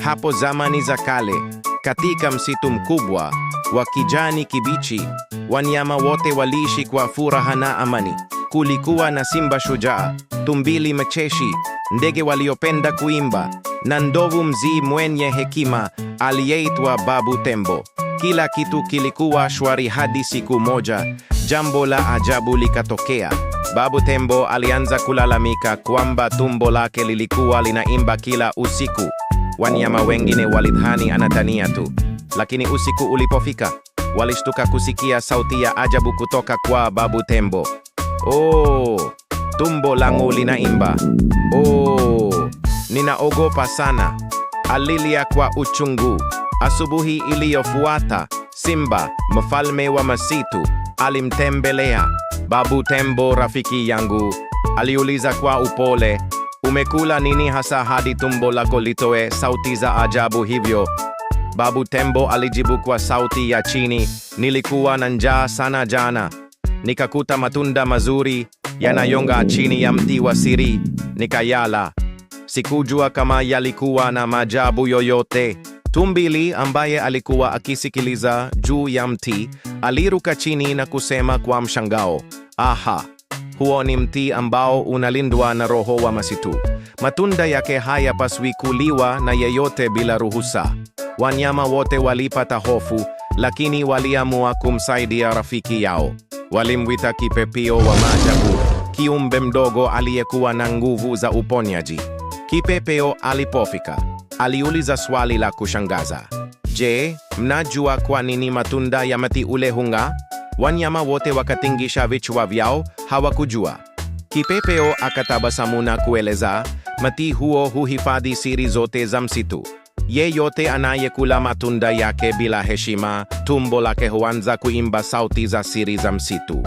hapo zamani za kale, katika msitu mkubwa wa kijani kibichi, wanyama wote waliishi kwa furaha na amani. Kulikuwa na simba shujaa, tumbili mcheshi, ndege waliopenda kuimba na ndovu mzee mwenye hekima aliyeitwa Babu Tembo. Kila kitu kilikuwa shwari hadi siku moja jambo la ajabu likatokea. Babu Tembo alianza kulalamika kwamba tumbo lake lilikuwa linaimba kila usiku. Wanyama wengine walidhani anatania tu, lakini usiku ulipofika, walishtuka kusikia sauti ya ajabu kutoka kwa babu tembo. Oh, tumbo langu linaimba. Oh, ninaogopa sana, alilia kwa uchungu. Asubuhi iliyofuata Simba, mfalme wa masitu, alimtembelea. Babu Tembo, rafiki yangu, aliuliza kwa upole, Umekula nini hasa hadi tumbo lako litoe sauti za ajabu hivyo? Babu Tembo alijibu kwa sauti ya chini, nilikuwa na njaa sana jana. Nikakuta matunda mazuri yanayonga chini ya mti wa siri, nikayala. Sikujua kama yalikuwa na majabu yoyote. Tumbili ambaye alikuwa akisikiliza juu ya mti aliruka chini na kusema kwa mshangao, aha! Huo ni mti ambao unalindwa na roho wa masitu. Matunda yake hayapaswi kuliwa na yeyote bila ruhusa. Wanyama wote walipata hofu, lakini waliamua kumsaidia rafiki yao. Walimwita kipepeo wa maajabu, kiumbe mdogo aliyekuwa na nguvu za uponyaji. Kipepeo alipofika, aliuliza swali la kushangaza: Je, mnajua kwa nini matunda ya mti ule hung'aa? Wanyama wote wakatingisha vichwa vyao, hawakujua. Kipepeo akataba samuna kueleza, mti huo huhifadhi siri zote za msitu. Yeyote anayekula matunda yake bila heshima, tumbo lake huanza kuimba sauti za siri za msitu.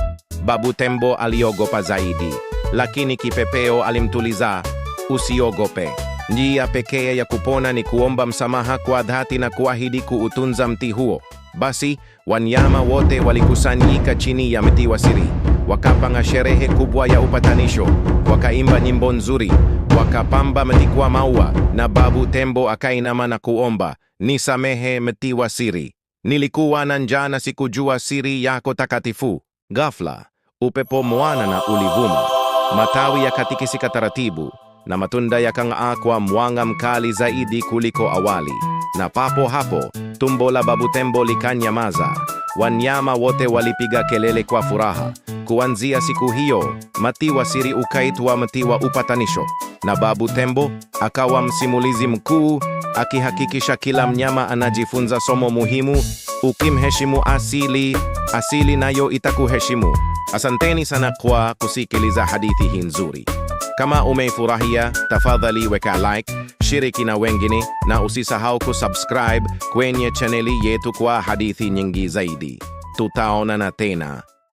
Babu Tembo aliogopa zaidi, lakini kipepeo alimtuliza, usiogope. Njia pekee ya kupona ni kuomba msamaha kwa dhati na kuahidi kuutunza mti huo. Basi wanyama wote walikusanyika chini ya mti wa siri wakapanga sherehe kubwa ya upatanisho, wakaimba nyimbo nzuri, wakapamba mti kwa maua, na babu tembo akainama na kuomba, nisamehe mti wa siri, nilikuwa na njaa na sikujua siri yako takatifu. Ghafla upepo mwana na ulivuma, matawi yakatikisika taratibu na matunda yakang'aa kwa mwanga mkali zaidi kuliko awali, na papo hapo tumbo la babu tembo likanyamaza. Wanyama wote walipiga kelele kwa furaha. Kuanzia siku hiyo, mti wa siri ukaitwa mti wa upatanisho, na Babu Tembo akawa msimulizi mkuu, akihakikisha kila mnyama anajifunza somo muhimu. Ukimheshimu asili, asili nayo itakuheshimu. Asanteni sana kwa kusikiliza hadithi hii nzuri. Kama umeifurahia, tafadhali weka like shiriki na wengine, na usisahau kusubscribe kwenye chaneli yetu kwa hadithi nyingi zaidi. Tutaonana tena.